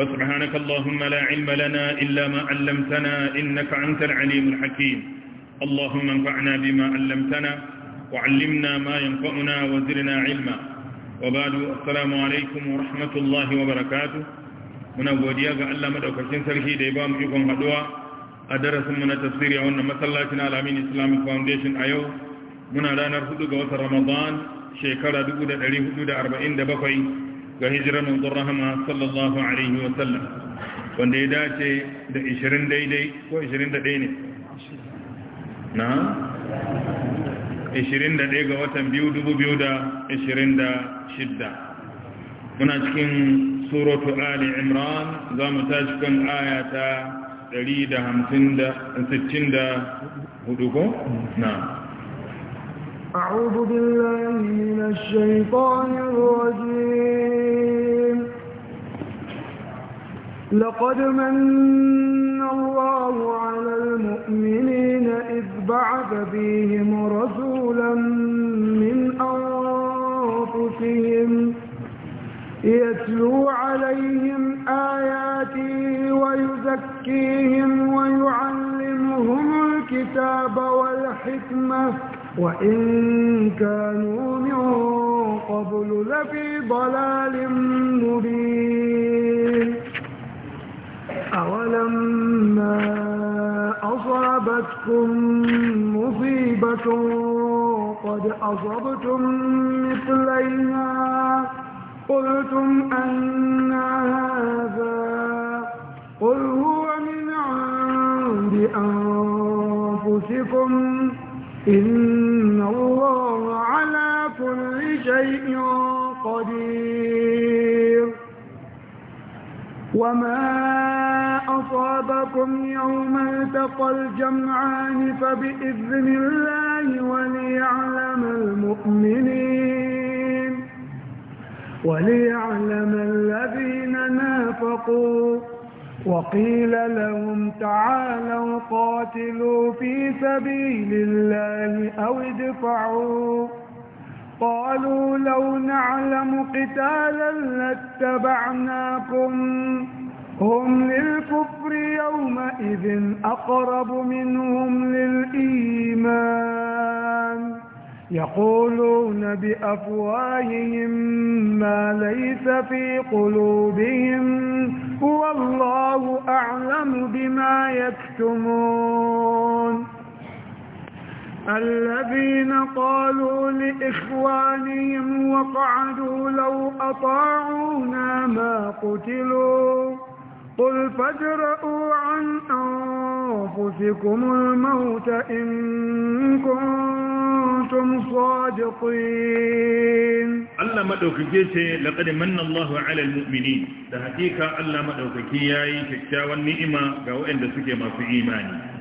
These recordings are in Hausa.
وسبحانك اللهم لا علم لنا إلا ما علمتنا إنك أنت العليم الحكيم اللهم انفعنا بما علمتنا وعلمنا ما ينفعنا وزرنا علما وبعد السلام عليكم ورحمة الله وبركاته muna godiya ga Allah madaukakin sarki da ya ba mu ikon haduwa a darasin mu na tafsiri a wannan masallacin Alamin Islamic Foundation a yau muna ranar 4 ga watan Ramadan shekara 1447 ga hijirar manzon rahama sallallahu alaihi wa sallam wanda ya dace da 20 daidai ko 21 ne na 21 ga watan 2026 muna cikin suratu ali imran zamu ta tashi aya ta 154 ko na أعوذ بالله من الشيطان الرجيم لقد من الله على المؤمنين إذ بعث فيهم رسولا من أنفسهم يتلو عليهم آياته ويزكيهم ويعلمهم الكتاب والحكمة وإن كانوا من قبل لفي ضلال مبين أولما أصابتكم مصيبة قد أصبتم مثليها قلتم أن هذا قل هو من عند أنفسكم إن وما أصابكم يوم التقى الجمعان فبإذن الله وليعلم المؤمنين وليعلم الذين نافقوا وقيل لهم تعالوا قاتلوا في سبيل الله أو ادفعوا قالوا لو نعلم قتالا لاتبعناكم هم للكفر يومئذ أقرب منهم للإيمان يقولون بأفواههم ما ليس في قلوبهم والله أعلم بما يكتمون الذين قالوا لإخوانهم وقعدوا لو أطاعونا ما قتلوا قل فادرؤوا عن أنفسكم الموت إن كنتم صادقين الله مدوكي لقد من الله على المؤمنين ده حقيقة الله مدوكي ياي كتاوى النئمة قوئن دسكي ما في إيماني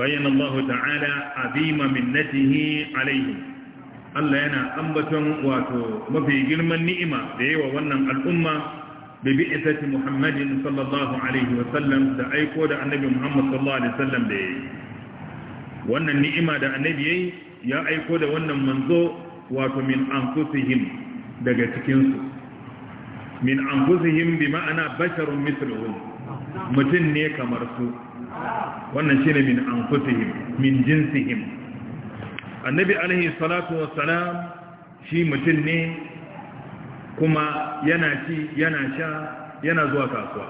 bayyana Allah ta'ala azima minnatihi alaihi Allah yana ambaton wato mafi girman ni'ima da yawa wannan al'umma bi bi'sati Muhammadin sallallahu alaihi wa sallam da aiko da Annabi Muhammad sallallahu alaihi wa sallam da yayi wannan ni'ima da Annabi yayi ya aiko da wannan manzo wato min anfusihim daga cikin su min anfusihim bi ma'ana basharun mithluhum mutun ne kamar su wannan shine min anfusihim min jinsihim annabi alaihi salatu wassalam shi mutum ne kuma yana ci yana sha yana zuwa kasuwa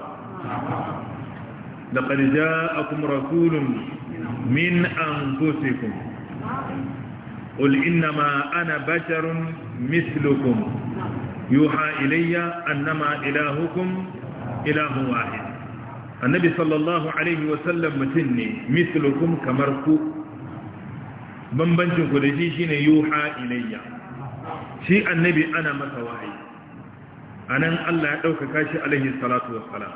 laqad ja'akum rasulun min anfusikum قل إنما أنا بشر مثلكم يوحى إلي أنما إلهكم إله واحد annabi sallallahu alaihi wasallam mutum ne mislukum kamar ku bambancin ku da shi shine yuha ilayya shi annabi ana masa wahayi anan Allah ya ɗaukaka shi alaihi salatu wassalam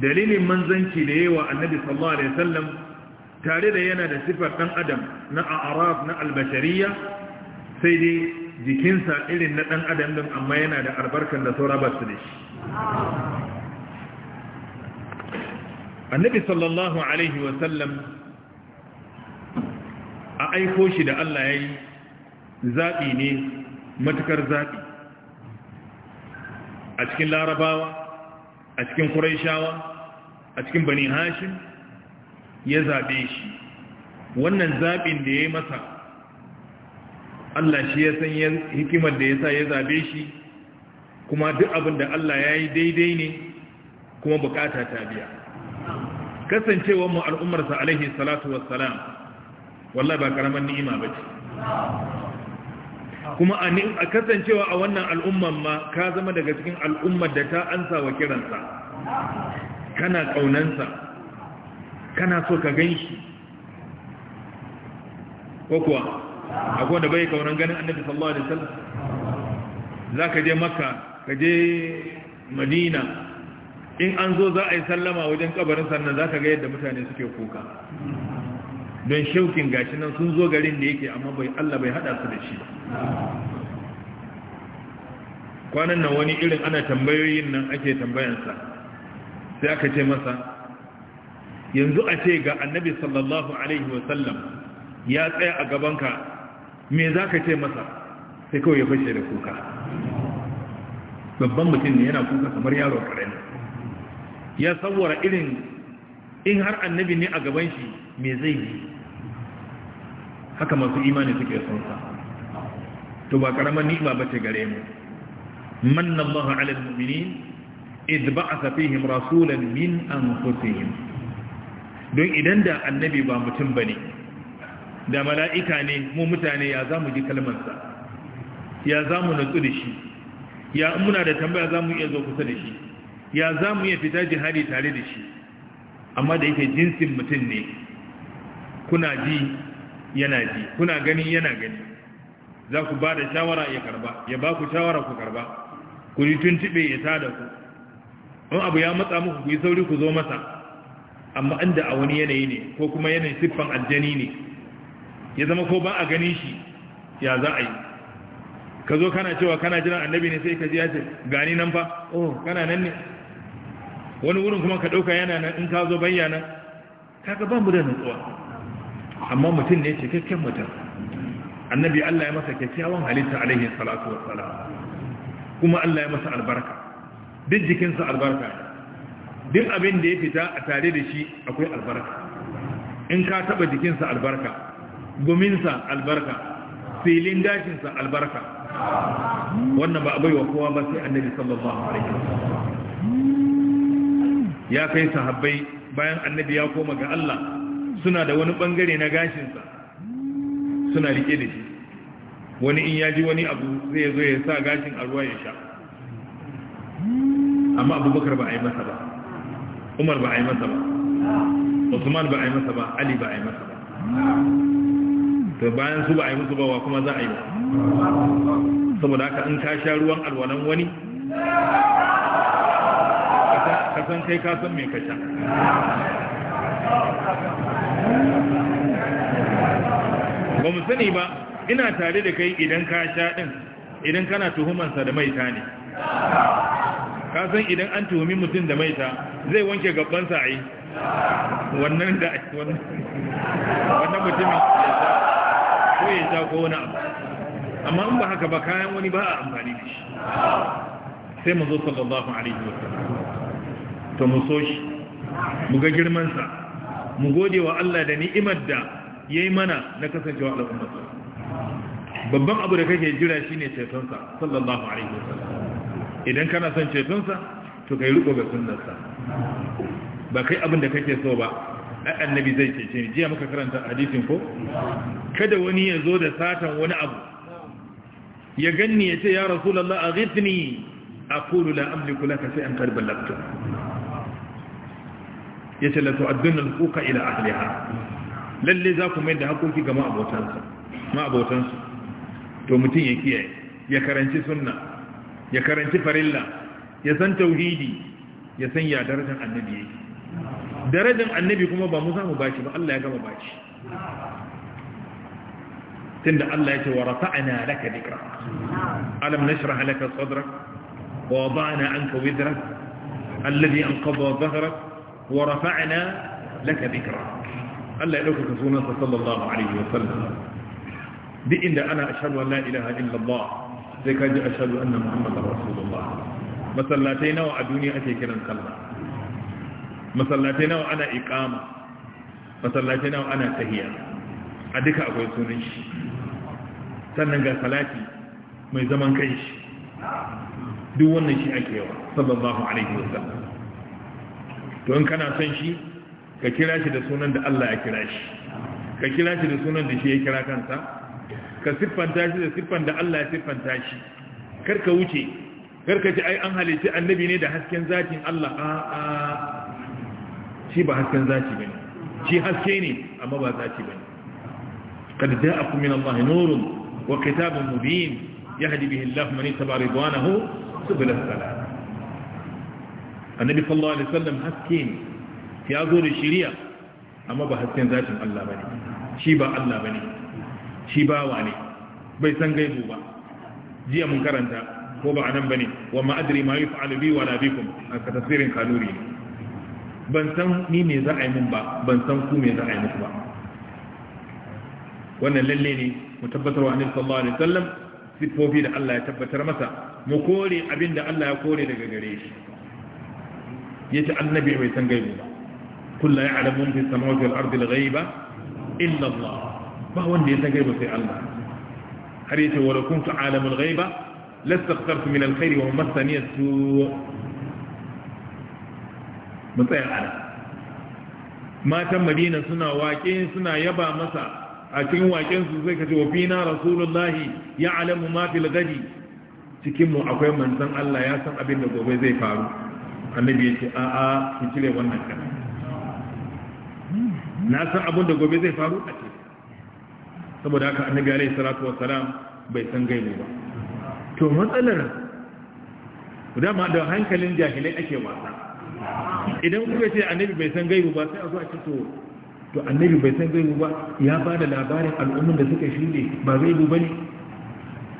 dalilin manzanci da yawa annabi sallallahu alaihi wasallam tare da yana da sifar ɗan adam na araf na albashariya sai dai jikinsa irin na ɗan adam din amma yana da albarkar da saura ba su da shi annabi sallallahu alaihi wasallam a aiko shi da Allah ya yi zaɓi ne matukar zaɓi a cikin larabawa a cikin kuraishawa a cikin bani hashim ya zaɓe shi wannan zaɓin da ya yi masa Allah shi ya san hikimar da ya sa ya zaɓe shi kuma duk abin da Allah ya yi daidai ne kuma bukata ta biya kasancewar mu al'ummarsa alaihi salatu wassalam wallahi ba karaman ni'ima ba ce kuma a kasancewa a wannan al'umman ma ka zama daga cikin al'ummar da ta ansa wa kiransa kana kaunansa kana so ka gan shi ko kuwa akwai wanda bai kaunan ganin annabi sallallahu alaihi wasallam za ka je makka ka je madina in an zo za a yi sallama wajen kabarin sannan za ka ga yadda mutane suke kuka don shaukin gashi nan sun zo garin da yake amma bai Allah bai hada su da shi kwanan nan wani irin ana tambayoyin nan ake tambayansa sai aka ce masa yanzu a ce ga annabi sallallahu alaihi wasallam ya tsaya a gabanka me za ka ce masa sai kawai ya fashe da kuka babban mutum ne yana kuka kamar yaro karen. ya tsawara irin in har annabi ne a gaban shi me zai yi haka masu imani suke sonsa to ba karamar ni ba ce gare mu manna Allah ala al-mu'minin id ba'atha fihim rasulan min anfusihim don idan da annabi ba mutum bane da mala'ika ne mu mutane ya zamu ji sa ya zamu nutsu da shi ya muna da tambaya zamu iya zo kusa da shi ya za mu iya fita jihadi tare da shi amma da yake jinsin mutum ne kuna ji yana ji kuna gani yana gani za ku ba da shawara ya karba ya ba ku shawara ku karba ku yi tuntube ya tada ku in abu ya matsa muku ku yi sauri ku zo masa amma inda a wani yanayi ne ko kuma yanayi siffan aljani ne ya zama ko ba a gani shi ya za a yi ka zo kana cewa kana jiran annabi ne sai ka ji ya ce gani nan fa oh kana nan ne wani wurin kuma ka ɗauka yana nan in ka zo bayyana kaga ba mu da nutsuwa amma mutum ne cikakken mutum annabi Allah ya masa kyakkyawan halitta alaihi salatu wassalam kuma Allah ya masa albarka duk jikinsa albarka duk abin da ya fita a tare da shi akwai albarka in ka taba jikinsa albarka guminsa albarka filin dakinsa albarka wannan ba a baiwa kowa ba sai annabi sallallahu alaihi wasallam ya kai sahabbai bayan annabi ya koma ga Allah suna da wani bangare na gashinsa suna rike da shi wani in ya ji wani abu zai zo ya sa gashin a ruwa ya sha amma abubakar ba a yi masa ba umar ba a yi masa ba usman ba a yi masa ba ali ba a yi masa ba to bayan su ba a yi musu ba wa kuma za a yi ba saboda haka in ka sha ruwan alwalan wani Kasan san kai ka san me ka sha ba mu sani ba ina tare da kai idan ka sha din idan kana tuhumansa da maita ne ka san idan an tuhumi mutum da maita zai wanke gabansa a yi wannan da wannan mutumin ko ya sha ko wani abu amma in ba haka ba kayan wani ba a amfani da shi sai mu zo sallallahu alaihi wasallam Ka mu so shi mu ga girmansa mu gode wa Allah da ni'imar da ya yi mana na kasancewa al'ummarsa babban abu da kake jira shi ne cetonsa sallallahu alaihi wasallam idan kana son cetonsa to ka kai riko ga sunnarsa ba kai abin da kake so ba ai annabi zai cece ni jiya muka karanta hadisin ko kada wani ya zo da satan wani abu ya ganni ya ce ya a rasulullah aghithni aqulu la ka sai an karbi ballagtu Ya la tu'addun al kuka ila ahliha lalle za ku mai da hakoki ga ma'abotansu to mutum ya kiyaye ya karanci sunna ya karanci farilla ya san tauhidi ya san ya darajar annabi yake darajar annabi kuma ba mu za mu bashi ba Allah ya gama bashi tunda Allah ya yake wa rafa'na laka dhikra alam nashrah laka sadrak wa wada'na anka wizrak alladhi anqadha dhahrak wa rafa'na laka dhikra Allah ya dauka sunansa sallallahu alaihi wa sallam duk inda ana ashhadu an la ilaha illa Allah sai kaji ashhadu anna muhammadar rasulullah masallatai nawa a duniya ake kiran sallah masallatai nawa ana iqama masallatai nawa ana tahiyya a duka akwai sunan shi sannan ga salati mai zaman kai shi duk wannan shi ake yawa sallallahu alaihi wa sallam to in kana son shi ka kira shi da sunan da Allah ya kira shi ka kira shi da sunan da shi ya kira kansa ka siffanta shi da siffan da Allah ya siffanta shi kar ka wuce kar ka ci ai an halitta annabi ne da hasken zatin Allah a a shi ba hasken zati bane shi haske ne amma ba zati bane kad ja'akum min Allah nurun wa kitabun mubin yahdi bihi Allah man ittaba ridwanahu subul salam annabi sallallahu alaihi wasallam haske ne ya zo da shiriya amma ba hasken zatin Allah bane shi ba Allah bane shi ba wani. bai san gaibu ba jiya mun karanta ko ba anan bane wa ma adri ma yaf'alu bi wala bikum aka tafsirin kanuri ban san ni me za a yi mun ba ban san ku me za a yi muku ba wannan lalle ne mu tabbatar wa annabi sallallahu alaihi wasallam sifofi da Allah ya tabbatar masa mu kore abin da Allah ya kore daga gare shi yace annabi bai san gaibu ba kullu ya'lamu fi samawati wal ardi al-ghaiba illa Allah ba wanda ya san gaibu sai Allah har yace wa lakum ta'lamu al-ghaiba lastaghfartu min al-khairi wa massani as-su' mun tsaya matan Madina suna waƙe suna yaba masa a cikin waƙen su sai kace wa fina rasulullahi ya'lamu ma fil ghadi cikin mu akwai manzon Allah ya san abin da gobe zai faru annabi ya ce a a ku cire wannan kana na san abin da gobe zai faru a ce saboda haka annabi alayhi salatu wassalam bai san gaibu ba to matsalar ma da hankalin jahilai ake wasa idan kuka ce annabi bai san gaibu ba sai a zo a ce to to annabi bai san gaibu ba ya ba da labarin al'ummar da suka shuɗe ba gaibu ba ne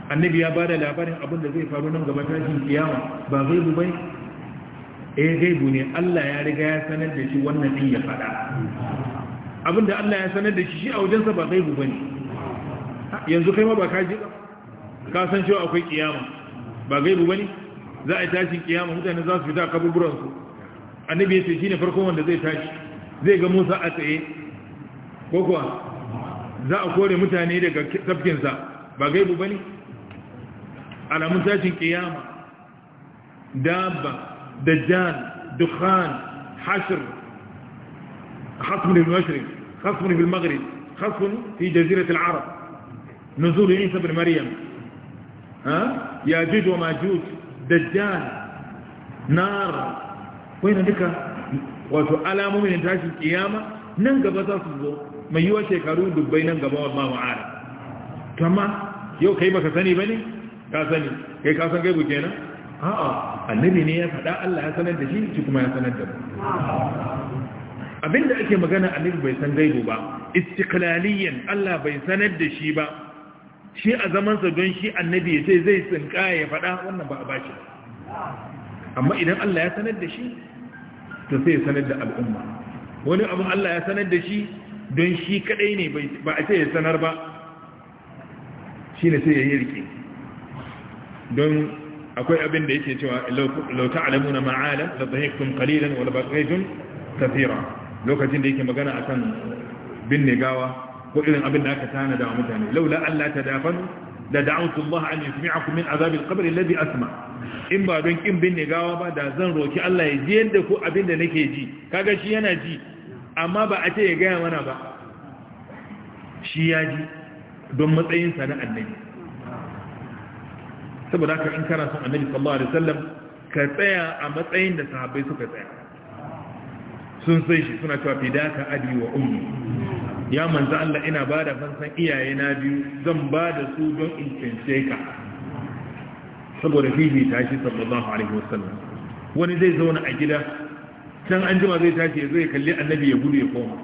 annabi ya ba da labarin abin da zai faru nan gaba tashin kiyawa ba gaibu ba ne eh gaibu ne Allah ya riga ya sanar da shi wannan din ya faɗa abinda Allah ya sanar da shi shi a wajensa ba gaibu bane yanzu kai ma ba ka ji ka san cewa akwai kiyama ba gaibu bane za a tashi kiyama mutane za su fita kaburburan su annabi ya ce shine farkon wanda zai tashi zai ga Musa a tsaye ko kuwa za a kore mutane daga sa ba gaibu bane alamun tashin kiyama dabba دجان دخان حشر خصمني في المشرق خصمني في المغرب خصمني في جزيرة العرب نزول عيسى بن مريم ها يا جد وما جود دجان نار وين ذكى وسؤال مؤمن تاج القيامة ننجا بتصدق ما يواجه كارون دبي ننجا ما هو عارف كما يو كيف كثني بني كثني كيف كثني بوجينا ها آه. annabi ne ya faɗa Allah ya sanar da shi shi kuma ya sanar da mu abinda ake magana annabi bai san gaibu ba istiqlaliyan Allah bai sanar da shi ba shi a sa don shi annabi ya ce zai tsinka ya faɗa wannan ba a ba shi amma idan Allah ya sanar da shi to sai ya sanar da al'umma wani abu Allah ya sanar da shi don shi kadai ne ba a ce ya sanar ba shi ne sai ya yi rike don akwai abin da yake cewa law ta'lamuna ma'ala la dhahiktum qalilan wa la baqaytum lokacin da yake magana akan binne gawa ko irin abin da aka tana da mutane laula ta tadafanu da da'awtu Allah an yusmi'akum min azabin al-qabr asma in ba don kin binne gawa ba da zan roki Allah ya ji yadda ko abin da nake ji kaga shi yana ji amma ba a ce ya gaya mana ba shi ya ji don matsayinsa na annabi saboda haka in kana son annabi sallallahu alaihi wasallam ka tsaya a matsayin da sahabbai suka tsaya sun sai shi suna cewa fidaka abi wa ummi ya manzo Allah ina bada fansan iyaye na biyu zan bada su don in cince ka saboda fifi tashi sallallahu alaihi wasallam wani zai zauna a gida can an jima zai tashi ya zai kalli annabi ya gudu ya koma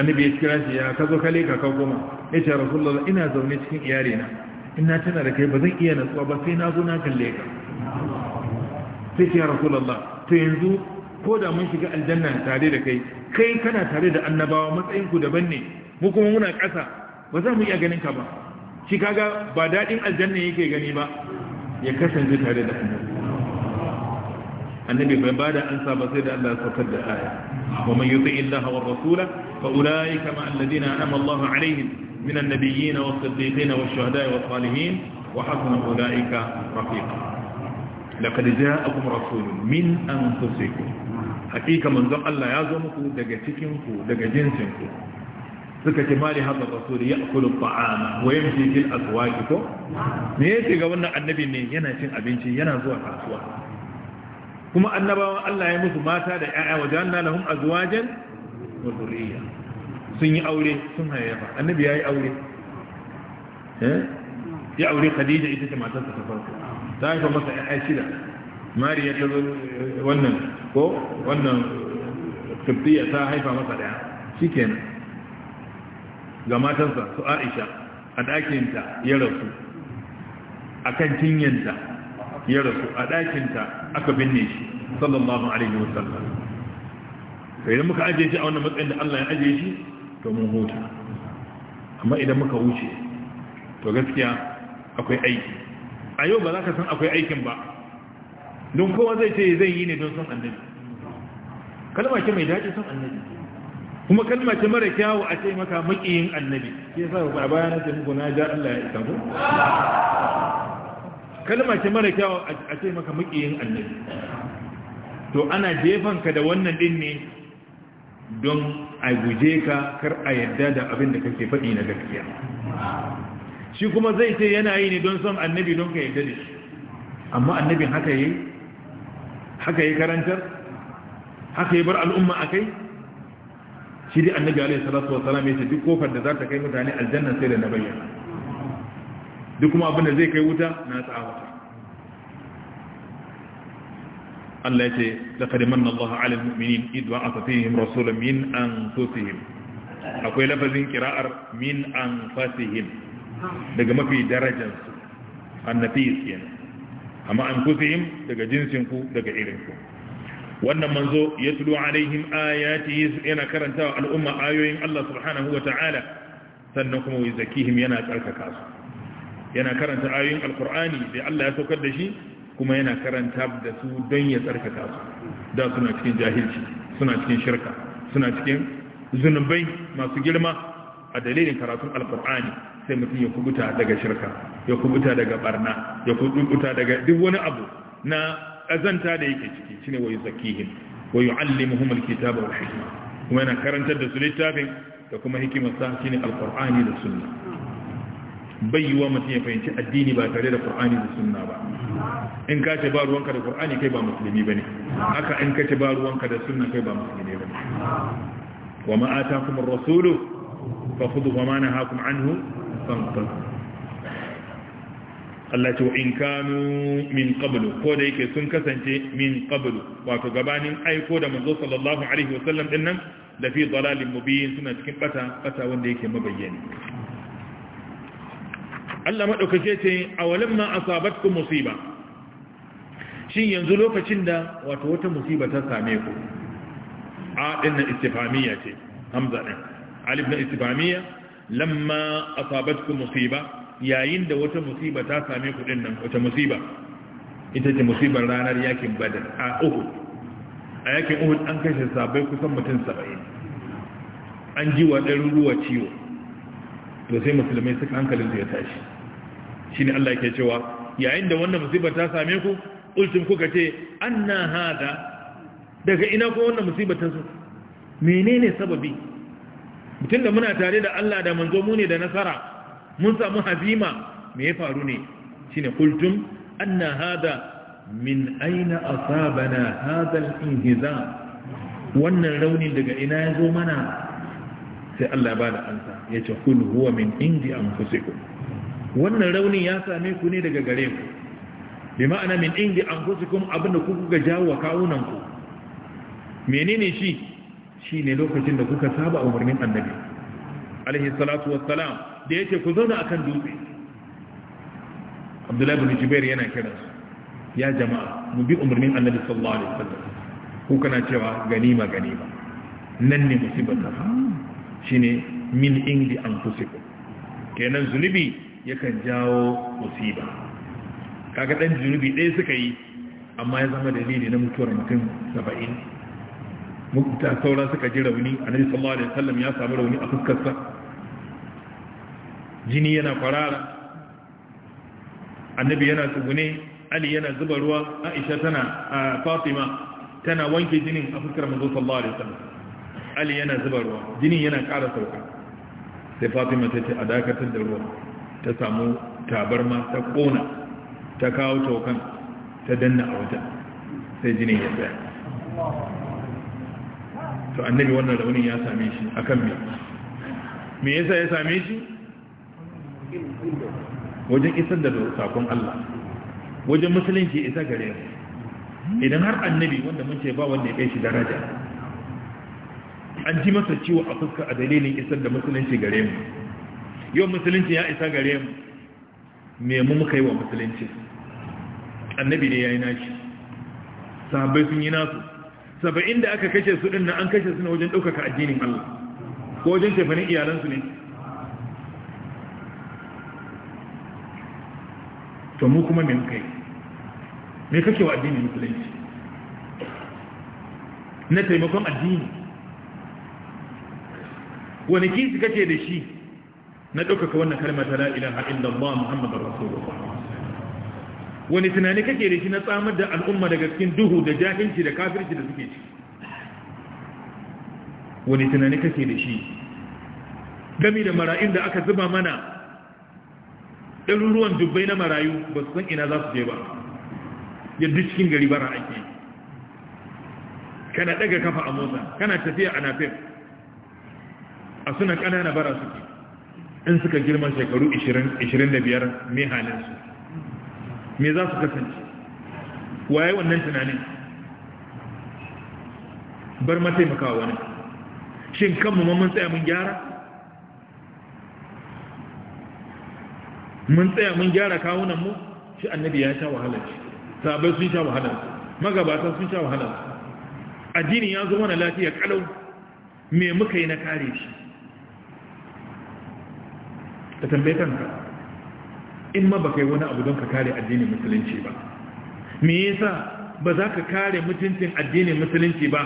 annabi ya kira shi ya kazo kale ka ka koma ya ce rasulullah ina zaune cikin iyare na in na tana da kai ba zan iya natsuwa ba sai na zo na kalle ka sai ce ya rasulullah to yanzu ko da mun shiga aljanna tare da kai kai kana tare da annabawa matsayin ku daban ne mu kuma muna ƙasa ba za mu iya ganin ka ba shi kaga ba daɗin aljanna yake gani ba ya kasance tare da annabi annabi bai an ansa ba sai da Allah ya saukar da aya wa man yuti illaha war rasula fa ulaika ma alladhina an'ama Allahu alaihim من النبيين والصديقين والشهداء والصالحين وحسن أولئك رفيقا لقد جاءكم رسول من أنفسكم حقيقة من ذق الله يعظمكم دقتكمكم دقجنسكم فكتمال هذا الرسول يأكل الطعام ويمشي في الأسواقكم ميتي قولنا النبي من ينشن أبنشي ينزوع أسواق كما أنبا الله يمس ماتا دعاء وجعلنا لهم أزواجا وذرية sun yi aure sun hayayyafa annabi ya yi aure eh? ya aure khadija ita ce matarsa ta farko ta haifa masa ya shida ya ta wannan ko wannan kibtiya ta haifa masa daya shi kenan ga matarsa su aisha a ɗakinta ya rasu a kan cinyanta ya rasu a ɗakinta aka binne shi sallallahu alaihi wasallam to idan muka ajiye shi a wannan matsayin da Allah ya ajiye shi domin huta amma idan muka wuce to gaskiya akwai aiki a yau ba za ka san akwai aikin ba don kowa zai ce zai yi ne don son annabi kalma ce mai daɗi son annabi kuma kalma ce mara kyawu a ce maka makiyin annabi ke sa ba a bayan ce muku na ja Allah ya isa ku kalma ce mara kyawu a ce maka makiyin annabi to ana jefan ka da wannan din ne don a guje ka kar a yadda da abin da kake faɗi na gaskiya shi kuma zai ce yana yi ne don son annabi don ka yadda da shi amma annabin haka yi haka yi karantar haka yi bar al'umma a kai shi dai annabi alaihi salatu wa salam ce duk kofar da za ta kai mutane aljanna sai da na bayyana duk kuma abin da zai kai wuta na tsawata Allah ya ce laqad manna Allahu mu'minin min akwai lafazin kira'ar min anfusihim daga mafi daga jinsin ku daga irinku wannan manzo ya tulo alaihim ayati yana karantawa al'umma ayoyin Allah subhanahu wa ta'ala sannan kuma zakihim yana tsarkaka su yana karanta ayoyin alkur'ani da Allah ya saukar da shi kuma yana karanta da su don ya tsarkaka su da suna cikin jahilci suna cikin shirka suna cikin zunubai masu girma a dalilin karatun alkur'ani sai mutum ya kubuta daga shirka ya kubuta daga barna ya kubuta daga duk wani abu na azanta da yake ciki shine wayu zakihim wayu allimuhum alkitaba wal hikma kuma yana karantar da su littafin da kuma hikimar sa shine alkur'ani da sunna bai mutum ya fahimci addini ba tare da qur'ani da sunna ba in ka ce ba ruwanka da qur'ani kai ba musulmi ba ne haka in ka ce ba ruwanka da suna kai ba musulmi ba ne wa ma atakum ar-rasulu fakhudhu wa ma nahakum anhu fanqul Allah ce wa in kanu min qablu ko da yake sun kasance min qablu wato gabanin aiko da manzo sallallahu alaihi wa sallam din nan da fi dalalin mubin suna cikin bata bata wanda yake mabayyani Allah madaukake ce awalamma asabatkum musiba shin yanzu lokacin da wato wata musiba ta same ku a din istifamiya ce hamza din alif na istifamiya lamma asabatku musiba yayin da wata musiba ta same ku din nan wata musiba ita ce musibar ranar yakin badar a uku, a yakin uhud an kashe sabai kusan mutum 70 an ji wa ɗaruruwa ciwo to sai musulmai suka hankalin su ya tashi shine Allah yake cewa yayin da wannan musibar ta same ku ultum kuka ce anna hada daga ina ko wannan musibatan su menene sababi mutum da muna tare da Allah da manzo mu ne da nasara mun samu hazima me ya faru ne shine qultum anna hada min aina asabana hada al-inhizam wannan raunin daga ina ya zo mana sai Allah ba da ansa yace kul huwa min indi anfusikum wannan raunin ya same ku ne daga gare ku bi ma'ana min indi anfusikum abinda ku kuka jawo kawunan ku menene shi Shi ne lokacin da kuka saba umarnin annabi alaihi salatu wassalam da yake ku zauna akan dutse Abdullahi bin Jubair yana kira ya jama'a mu bi umarnin annabi sallallahu alaihi wasallam ku kana cewa ganima ganima nan ne Shi shine min indi anfusikum kenan zunubi yakan jawo musiba kaga dan zunubi ɗaya suka yi amma ya zama dalili na mutuwar mutum saba'in mukuta saura suka ji rauni a annabi sallallahu alaihi wasallam ya samu rauni a fuskarsa jini yana farara annabi yana tsugune ali yana zuba ruwa aisha tana fatima tana wanke jinin a fuskar manzo sallallahu alaihi wasallam ali yana zuba ruwa jinin yana ƙara sauka sai fatima ta ce a dakatar da ruwa ta samu tabarma ta kona ta kawo tokan ta danna a wajen sai jinin ya tsaya to annabi wannan raunin ya same shi akan me me yasa ya same shi wajen isar da sakon Allah wajen musulunci isa gare mu idan har annabi wanda mun ce ba wanda ya kai shi daraja an ji masa ciwo a fuska a dalilin isar da musulunci gare mu yau musulunci ya isa gare mu me mu muka yi wa musulunci annabi ne ya yi nashi sahabbai sun yi nasu saba'in da aka kashe su dinnan an kashe su na wajen ɗaukaka addinin Allah ko wajen tafanin iyalansu ne to mu kuma min kai me kake wa addinin musulunci na taimakon addini wani kisi kake da shi na ɗaukaka wannan kalmar ta la'ila ha'in da Muhammadu Rasulullah wani tunani kake da shi na tsamar da al'umma daga cikin duhu da jahilci da kafirci da suke ci wani tunani kake da shi gami da mara'in da aka zuba mana ɗaruruwan dubbai na marayu ba su san ina za su je ba yadda cikin gari bara ake kana ɗaga kafa a motsa kana tafiya a nafif a suna ƙanana bara suke in suka girma shekaru 25 mai halinsu me za su kasance waye wannan tunanin bar ma taimaka wani shin kanmu ma mun tsaya mun gyara mun tsaya mun gyara kawunan mu shi annabi ya sha wahalar shi sabai sun sha wahalar magabata sun sha wahalar addini ya zo mana lafiya kalau me muka yi na kare shi ka tambaye kanka in ma baka yi wani abu don ka kare addinin musulunci ba me yasa ba za ka kare mutuncin addinin musulunci ba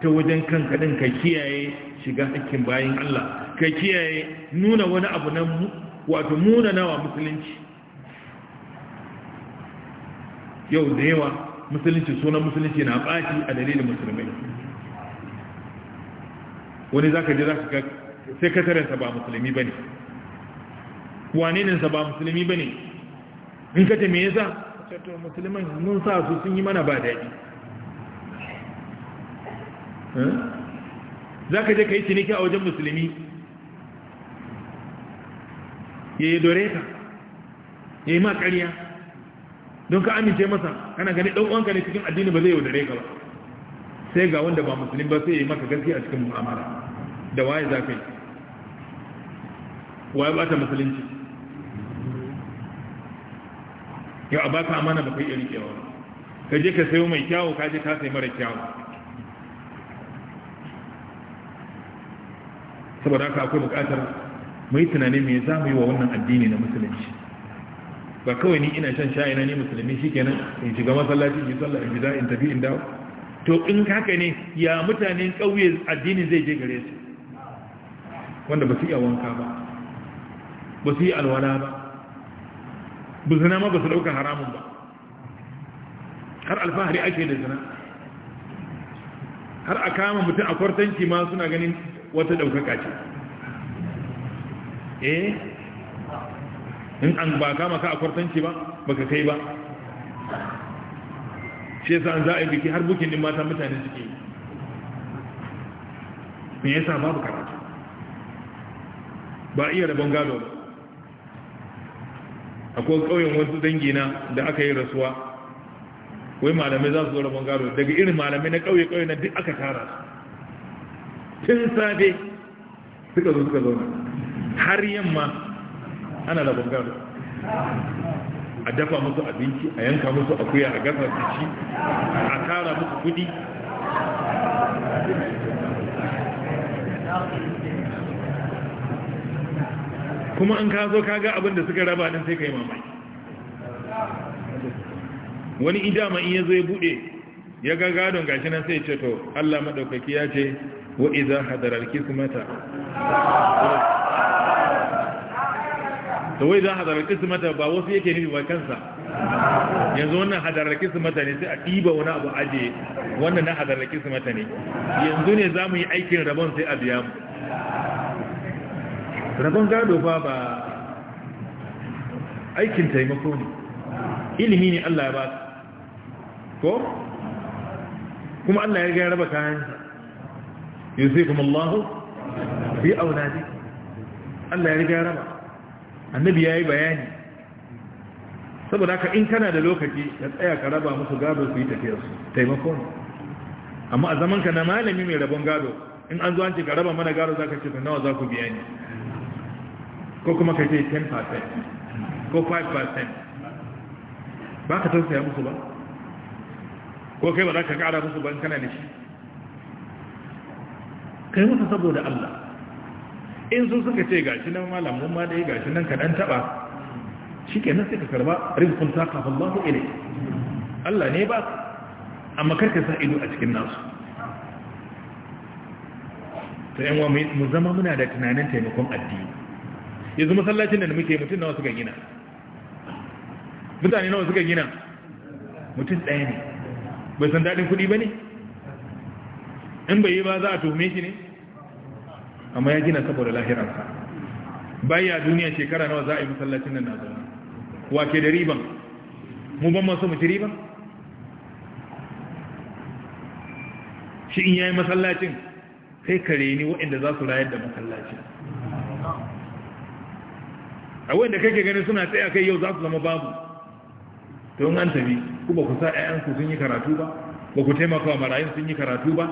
ta wajen kanka din ka kiyaye shiga hakkin bayin Allah ka kiyaye nuna wani abu na wato muna nawa musulunci yau da yawa musulunci sunan musulunci na ɓaci a dalilin musulmai wani za ka ji za ka ga sakatarensa ba musulmi ba ne wane ne sa ba musulmi ba ne in ka ta meza yasa musulman mun sa su sun yi mana ba daɗi za ka je ka yi ciniki a wajen musulmi ya yi dore ka ya yi ma ƙarya don ka amince masa kana gani ɗan'uwanka ne cikin addini ba zai yaudare ka ba sai ga wanda ba musulmi ba sai ya yi maka gaskiya a cikin mu'amala da waye za ka yi waye ba ta musulunci yau a baka amana ba kai iri kyawu ka je ka sayo mai kyawu ka je ka sai mara kyawu saboda haka akwai bukatar mu yi tunani me za mu yi wa wannan addini na musulunci ba kawai ni ina shan shayi na ni musulmi shikenan in shiga masallaci in sallah in bida in tafi in dawo to in haka ne ya mutanen ƙauye addini zai je gare su wanda ba su iya wanka ba ba su yi alwala ba ba zina ma ba su daukan haramun ba har alfahari ake da zina har a kama mutum a kwartanci ma suna ganin wata daukaka ce eh in an ba kama ka a kwartanci ba baka kai ba shi yasa an za a yi biki har bukin din mata mutane suke me yasa babu karatu ba iya rabon gado ba akwai ƙauyen wasu dangina da aka yi rasuwa wai malamai za su zo rabon gado daga irin malamai na ƙauye-ƙauye na duk aka tara tun safe suka zo suka zauna har yamma ana rabon gado a dafa musu abinci a yanka musu akuya a gasa su ci a tara musu kudi kuma in ka zo ka ga abin da suka raba din sai ka yi mamaki wani idama in ya zo ya bude ya ga gadon gashi nan sai ce to Allah madaukaki ya ce wa idza hadaral kismata to wai za hadarar kismata ba wasu yake nufi ba kansa yanzu wannan hadarar kismata ne sai a ɗiba wani abu aje wannan na hadarar kismata ne yanzu ne za mu yi aikin rabon sai a biya mu rabon gado ba ba aikin taimako ne ilimi ne Allah ya ba ko kuma Allah ya gaya raba kayan kuma Allahu fi ne Allah ya gaya raba annabi ya yi bayani saboda haka in kana da lokaci ka tsaya ka raba musu gado su yi tafiyarsu taimako amma a zamanka na malami mai rabon gado in an zo an ce ka raba mana gado za ka ce nawa za ku biya ni ko kuma ka ce 10% ko 5% ba ka tausaya musu ba ko kai ba za ka kara musu ban kana da shi kai musu saboda Allah in sun suka ce gashi nan malamun ma da ya gashi nan kaɗan taɓa taba shi ke nan sai ka karba rizkun ta kafin Allah ile Allah ne ba amma karka sa ido a cikin nasu ta yanwa mu zama muna da tunanin taimakon addini yanzu masallacin da muke mutum nawa suka gina mutane nawa suka gina mutum ɗaya ne bai san daɗin kuɗi ba ne in bai yi ba za a tuhume shi ne amma ya gina saboda lahiransa baya duniya shekara nawa za a yi masallacin nan na wa ke da riban mu ban masu mu ci riban shi in yayi masallacin sai kare ni waɗanda za su rayar da masallacin a wanda kake ganin suna tsaye kai yau za su zama babu to an tafi ku ba ku sa ƴaƴanku sun yi karatu ba ba ku taimaka wa marayun sun yi karatu ba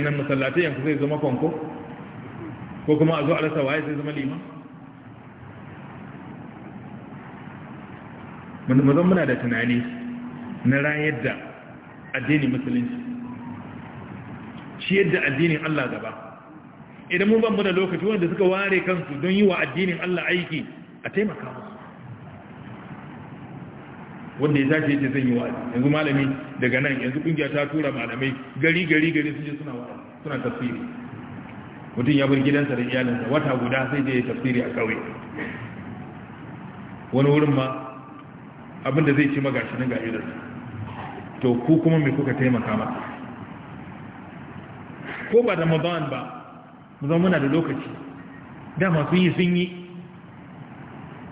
nan masallatai yanku zai zama kwanko ko kuma a zo a rasa waye zai zama lima? mazan muna da tunani na rayar da addini musulunci shi yadda addinin Allah gaba idan mun ban mu da lokaci wanda suka ware kansu don yi wa addinin Allah aiki a taimaka musu wanda ya tashi yake zai yi wa'azi yanzu malami daga nan yanzu kungiya ta tura malamai gari gari gari su je suna wa'azi suna tafsiri mutum ya bar gidansa da iyalinsa wata guda sai je ya tafsiri a kauye wani wurin ma abin da zai ci magashi na ga'idarsa to ku kuma me kuka taimaka masa ko ba da mabawan ba mu muna da lokaci da masu yi sun yi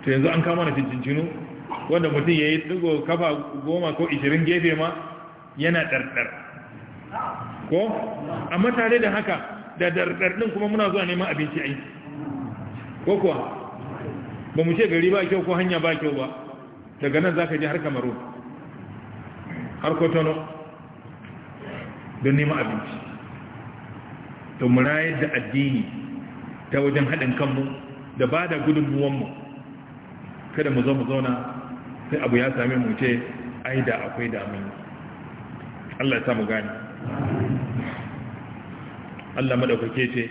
to yanzu an kama na cincinu wanda mutum ya yi tsigo kafa goma ko ishirin gefe ma yana ɗarɗar ko amma tare da haka da ɗarɗar ɗin kuma muna zuwa neman abinci ai ko kuwa ba mu ce gari ba kyau ko hanya ba kyau ba daga nan za ka ji har kamaru har kotono don neman abinci to murayar da addini ta wajen haɗin kanmu da ba da gudunmuwanmu kada mu zo mu zauna sai abu ya same mu ce ai da akwai damun Allah ya samu gani Allah madaukake ce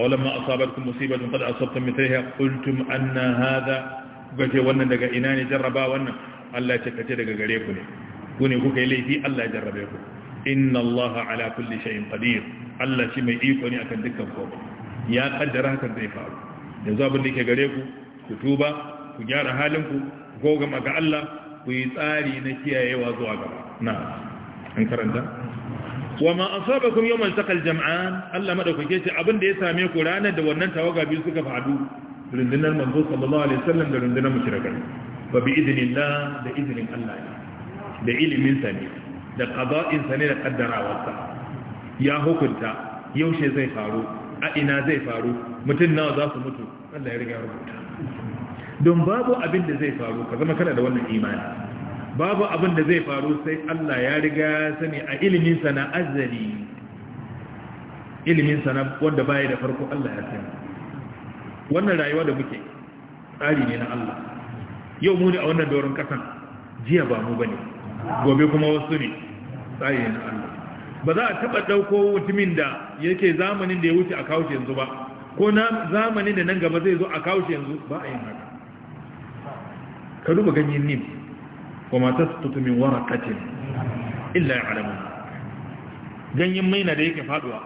awlamma asabatkum musibatun qad asabtum mithlaha qultum anna hadha gaje wannan daga ina ne jarraba wannan Allah ce kace daga gare ku ne ku ne kuka yi laifi Allah ya jarrabe ku inna Allah ala kulli shay'in qadir Allah shi mai iko ne akan dukkan komai ya kaddara hakan zai faru yanzu abin da yake gare ku ku tuba ku gyara halinku ku gogama ga Allah ku yi tsari na kiyayewa zuwa gaba na an karanta wa ma asabakum yawmal taqal jam'an Allah madaukake ce abin da ya same ku ranar da wannan tawaga biyu suka fadu rundunar manzo sallallahu alaihi wasallam da rundunar mushrikai fa bi idnillah da idnin Allah da ilimin sa ne da qada'in sa ne da qaddarawarsa ya hukunta yaushe zai faru a ina zai faru mutum nawa za su mutu Allah ya riga rubuta don babu abin da zai faru ka zama kana da wannan imani babu abin da zai faru sai Allah ya riga sani a ilimin sana azali ilimin sana wanda baya da farko Allah ya sani wannan rayuwa da muke tsari ne na Allah yau mu ne a wannan doron kasan jiya ba mu bane gobe kuma wasu ne tsari ne na Allah ba za a taɓa ɗauko mutumin da yake zamanin da ya wuce a kawo yanzu ba ko na zamanin da nan gaba zai zo a kawo yanzu ba a yin haka ka duba ganyen nim wa mata su tutu min wara katin illa ya alamu ganyen maina da yake faduwa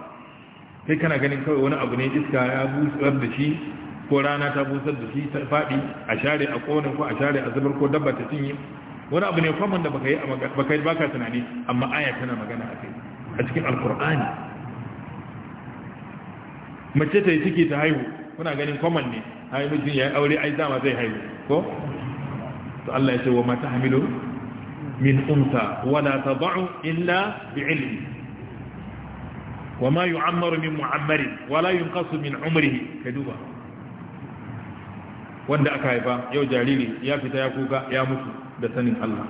sai kana ganin kawai wani abu ne iska ya busar da shi ko rana ta busar da shi ta faɗi a share a kone ko a share a zubar ko dabba ta cinye wani abu ne kwaman da baka yi baka baka tunani amma aya tana magana a kai a cikin alkur'ani mace ta yi ciki ta haihu kuna ganin kwaman ne haihu mijin ya yi aure ai dama zai haihu ko to Allah ya ce wa mata hamilu min unsa wala tad'u illa bi'ilmi wa ma yu'ammaru min mu'ammari wala yunqasu min umrihi ka duba wanda aka haifa yau jariri ya fita ya kuka ya mutu da sanin Allah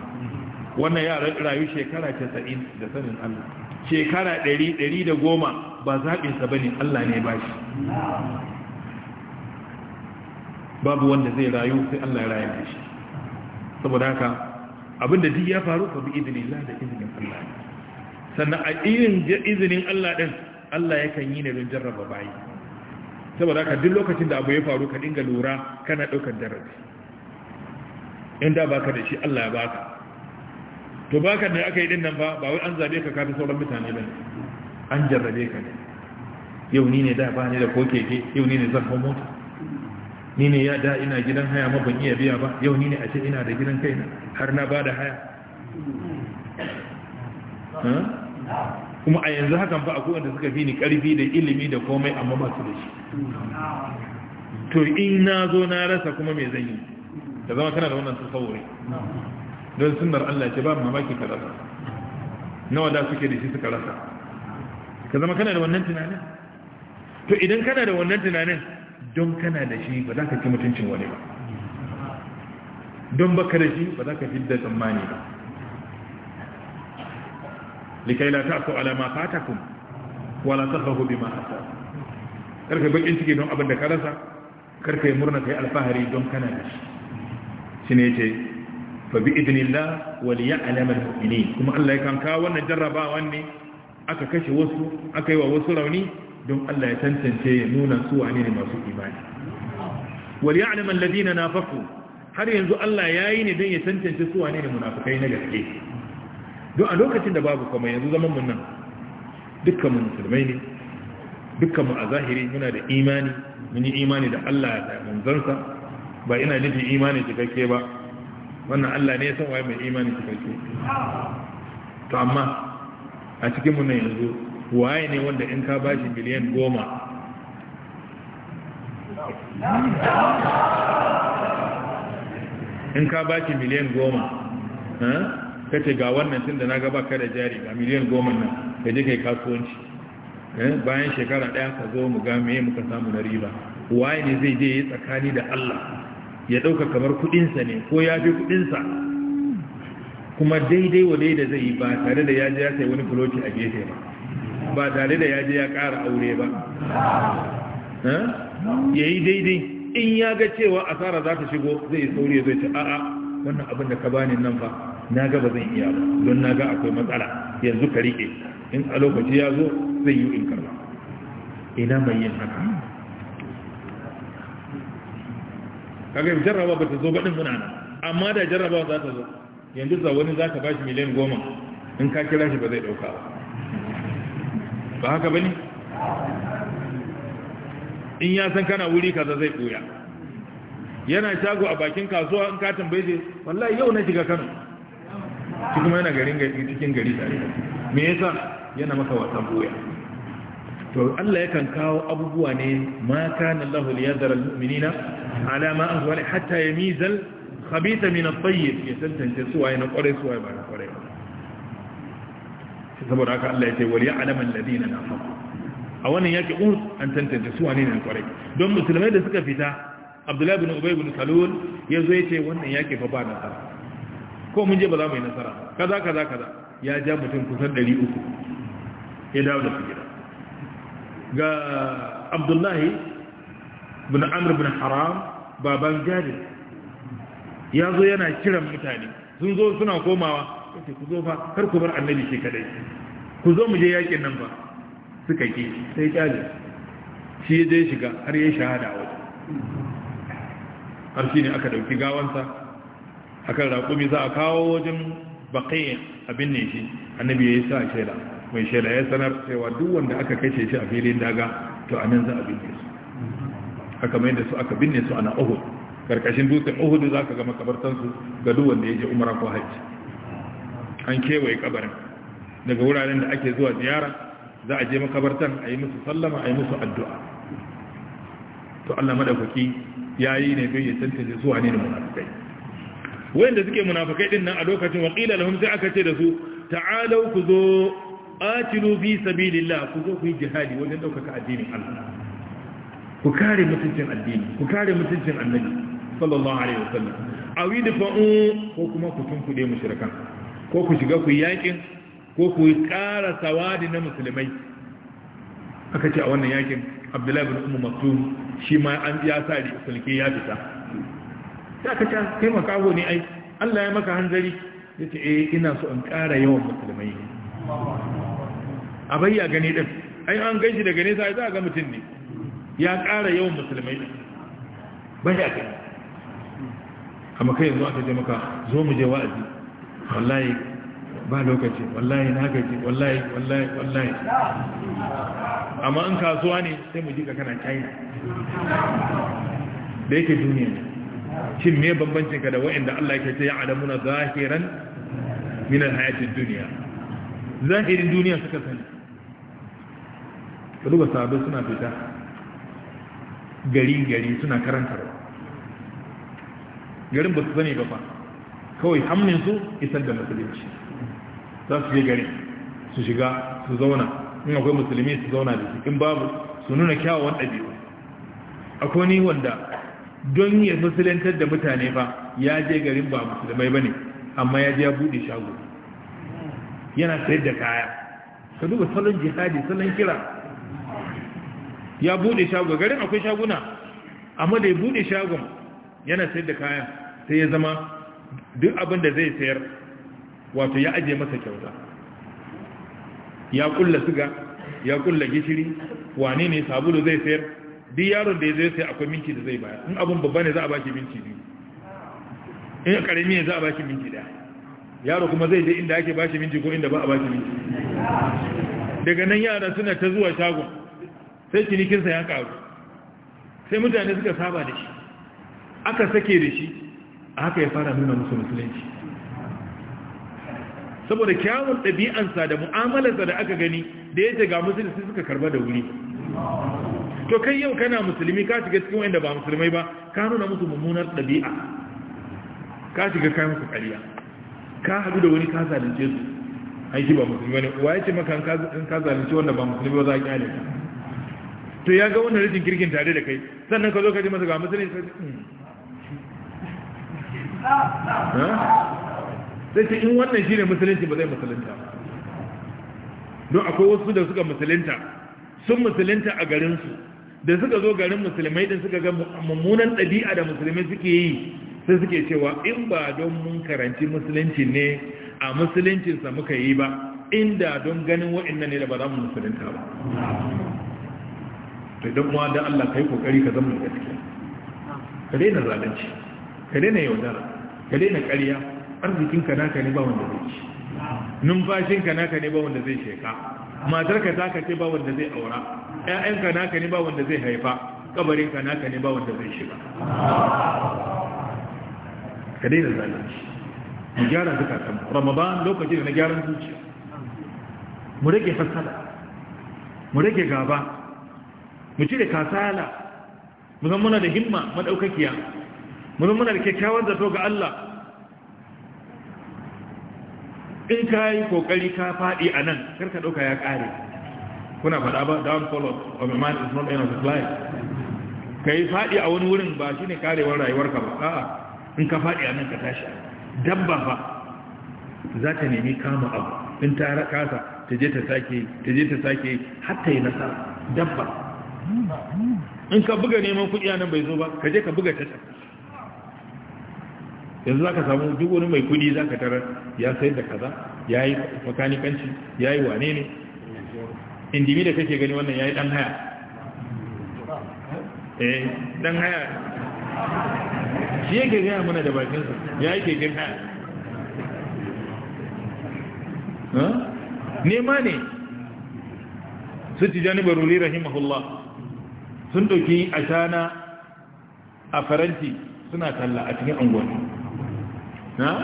wannan ya rayu shekara 90 da sanin Allah shekara 100 da goma ba zaɓinsa ba ne Allah ne ba shi babu wanda zai rayu sai Allah ya rayu da shi saboda haka abinda duk ya faru ka bi Allah da izinin Allah sannan a irin izinin Allah din Allah yakan yi ne don jarraba bayi saboda haka duk lokacin da abu ya faru ka dinga lura kana daukar darasi in da baka da shi Allah ya baka to baka da aka yi din nan ba ba wai an zabe ka kafin sauran mutane ba an jarrabe ka ne yau ni ne da ba ni da ko keke yau ni ne zan hau mota ni ne ya da ina gidan haya ma ban iya biya ba yau ni ne a ce ina da gidan kaina har na ba da haya kuma a yanzu hakan ba akwai wanda suka fi ni karfi da ilimi da komai amma ba su da shi to in na zo na rasa kuma me zan yi da zama kana da wannan tasawuri don sunar Allah ce ba mamaki ka rasa nawa da suke da shi suka rasa ka zama kana da wannan tunanin to idan kana da wannan tunanin don kana da shi ba za ka ci mutuncin wani ba don baka da shi ba za ka fi da tsammani ba likai la ta'ku ala ma fatakum wala tafahu bima asab karka bakin ciki don abin da ka rasa karka yi murna kai alfahari don kana da shi ne yace fa bi idnillah wal ya'lam al mu'minin kuma Allah ya kanka wannan jarrabawan ne aka kashe wasu aka yi wa wasu rauni don Allah ya tantance ya nuna su wane ne masu imani wal Ladina na nafaqu har yanzu Allah yayi ne don ya tantance su wane ne munafukai na gaske don a lokacin da babu kamar yanzu zaman mun nan dukkan mu musulmai ne dukkan mu a zahiri muna da imani mun yi imani da Allah da manzansa ba ina nufin imani cikakke ba wannan Allah ne ya san waye mai imani cikakke to amma a cikin mu nan yanzu waye ne wanda in ka ba shi miliyan goma in ka ba shi miliyan goma ka ce ga wannan tun da na gaba ka da jari ga miliyan goma nan da je yi kasuwanci bayan shekara ɗaya ka zo mu ga meye muka samu na riba waye ne zai je yi tsakani da Allah ya ɗauka kamar kuɗinsa ne ko ya fi kuɗinsa kuma daidai wa daidai zai yi ba tare da ya ji ya sai wani fuloci a gefe ba ba tare da ya je ya ƙara aure ba ya yi daidai in ya ga cewa asara za ta shigo zai sauri zai ce a'a wannan abin da ka bani nan fa na ga ba zan iya ba don na ga akwai matsala yanzu ka riƙe in a lokaci ya zo zai yi in karba ina mai yin haka kaga yin jarraba ba ta zo baɗin muna nan amma da jarraba za ta zo yanzu za wani za ka ba shi miliyan goma in ka kira shi ba zai ɗauka ba ba haka ba ne in ya san kana wuri kaza zai ɓoya yana shago a bakin kasuwa in ka tambaye shi wallahi yau na shiga kano shi kuma yana garin cikin gari tare me yasa yana maka wata ɓoya to Allah yakan kawo abubuwa ne ma kana Allahu liyadhara almu'minina ala ma anzala hatta yamizal khabitha min at-tayyib ya tantance suwaye na kware suwaye ba na kware saboda haka Allah ya ce wal ya'lamu alladhina nafaqu a wannan yaki urs an tantance su wane ne kwarai don musulmai da suka fita Abdullahi bin Ubay bin Salul ya zo ya ce wannan yaki fa ba nasara ko mun je ba za mu yi nasara kaza kaza kaza ya ja mutum kusan 300 ya dawo da su gida ga Abdullahi bin Amr bin Haram baban Jabir ya zo yana kiran mutane sun zo suna komawa kace ku zo fa kar ku bar annabi shi kadai ku zo mu je yakin nan ba suka ki sai kyale shi ya je shiga har ya shahada a har shi ne aka dauki gawansa aka raƙumi za a kawo wajen baƙiya abin ne shi annabi ya yi sa shaida mai shaida ya sanar cewa duk wanda aka kashe shi a filin daga to a nan za a binne su aka mai da su aka binne su ana uhud karkashin dutsen uhud za ka ga makabartansu ga duk wanda ya je umra ko hajji an kewaye kabarin daga wuraren da ake zuwa ziyara za a je makabartan a yi musu sallama a yi musu addu'a to Allah ya yi ne bai tantance zuwa ne da munafikai wanda suke munafikai din nan a lokacin waqila lahum sai aka ce da su ta'alau ku zo atilu fi sabilillah ku zo ku yi jihadi wajen daukaka addinin Allah ku kare mutuncin addini ku kare mutuncin annabi sallallahu alaihi wasallam awi dafa'u ko kuma ku tunkude mushrikan ko ku shiga ku yakin ko ku ƙara sawadi na musulmai aka ce a wannan yakin abdullahi bin umar maktum shi ma an ya sa da sulke ya fita ta ka ce kai makaho ne ai allah ya maka hanzari ya ce eh ina so in ƙara yawan musulmai a bayya gani ɗin ai an ganshi daga nesa za ga mutum ne ya ƙara yawan musulmai ɗin bayya gani amma kai yanzu aka je maka zo mu je wa'azi wallahi ba lokaci wallahi na gaji wallahi wallahi wallahi amma in kasuwa ne sai mu jika kana china da yake duniya shin me bambancin ka da wa'anda Allah yake ce ya alamuna zahiran min hayatin dunya zahirin duniya suka sani ka duba sahabbai suna fita gari gari suna karantarwa garin ba su sani ba fa kawai hamnin su isar da musulunci za su je gari su shiga su zauna in akwai musulmi su zauna da su in babu su nuna kyawawan ɗabi'u akwai ni wanda don ya musulantar da mutane ba ya je garin ba musulmai ba ne amma ya je ya buɗe shago yana sayar da kaya ka duba salon jihadi salon kira ya buɗe shago garin akwai shaguna amma da ya buɗe shagon yana sayar da kaya sai ya zama duk abin da zai sayar wato ya aje masa kyauta ya kulla suga ya kulla gishiri wane ne sabulu zai sayar duk yaron da ya zai sai akwai minti da zai baya in abin babba ne za a baki minti biyu in karami ne za a baki minti daya yaro kuma zai je inda ake baki minti ko inda ba a baki minti daga nan yara suna ta zuwa shagon sai cinikinsa ya karu sai mutane suka saba da shi aka sake da shi haka ya fara nuna musu musulunci saboda kyawun ɗabi'ansa da mu'amalarsa da aka gani da ya ga musulunci suka karba da wuri to kai yau kana musulmi ka shiga cikin wanda ba musulmai ba ka nuna musu mummunar ɗabi'a ka shiga kai musu ƙarya ka haɗu da wani ka zalunce su an shi ba musulmi ne wa ya ce maka in ka zalunce wanda ba musulmi ba za a kyale ka to ya ga wannan rikin kirkin tare da kai sannan ka zo ka ji masa ga musulmi sai ce in wannan shi ne musulunci ba zai musulunta don akwai wasu da suka musulunta sun musulunta a garinsu da suka zo garin musulmai da suka ga mummunan ɗabi'a da musulmai suke yi sai suke cewa in ba don mun karanci musulunci ne a musuluncinsa muka yi ba inda don ganin wa'annan ne da ba za mu musulunta ba to don ma da Allah kai kokari ka zama gaskiya ka daina zalunci ka daina yaudara ka daina ƙarya arzikinka naka ne ba wanda zai ci numfashinka naka ne ba wanda zai sheka matarka taka ce ba wanda zai aura ƴaƴanka naka ne ba wanda zai haifa Ƙabarinka naka ne ba wanda zai shiga ka daina zalunci mu gyara kan ramadan lokaci da na gyaran zuciya mu rage fasada mu rage gaba mu cire kasala mu zan muna da himma madaukakiya mun muna da kyakkyawan zato ga Allah in ka yi kokari ka faɗi a nan karka ɗauka ya ƙare kuna faɗa ba follow of a man is not end of his life ka yi faɗi a wani wurin ba shi ne rayuwar rayuwarka ba a'a in ka faɗi a nan ka tashi dabba ba za ta nemi kama abu in ta kasa ta je ta sake ta je ta sake har ta yi nasara dabba in ka buga neman kuɗi a nan bai zo ba ka je ka buga ta can yanzu za ka samu duk wani mai kudi za ka tarar ya sayar da kaza ya yi makanikanci ya yi wane ne indimi da kake gani wannan ya yi ɗan haya eh ɗan haya shi yake gaya mana da bakinsa ya yi keken haya nema ne su tijani baruri rahimahullah sun ɗauki ashana a faranti suna talla a cikin unguwanni na?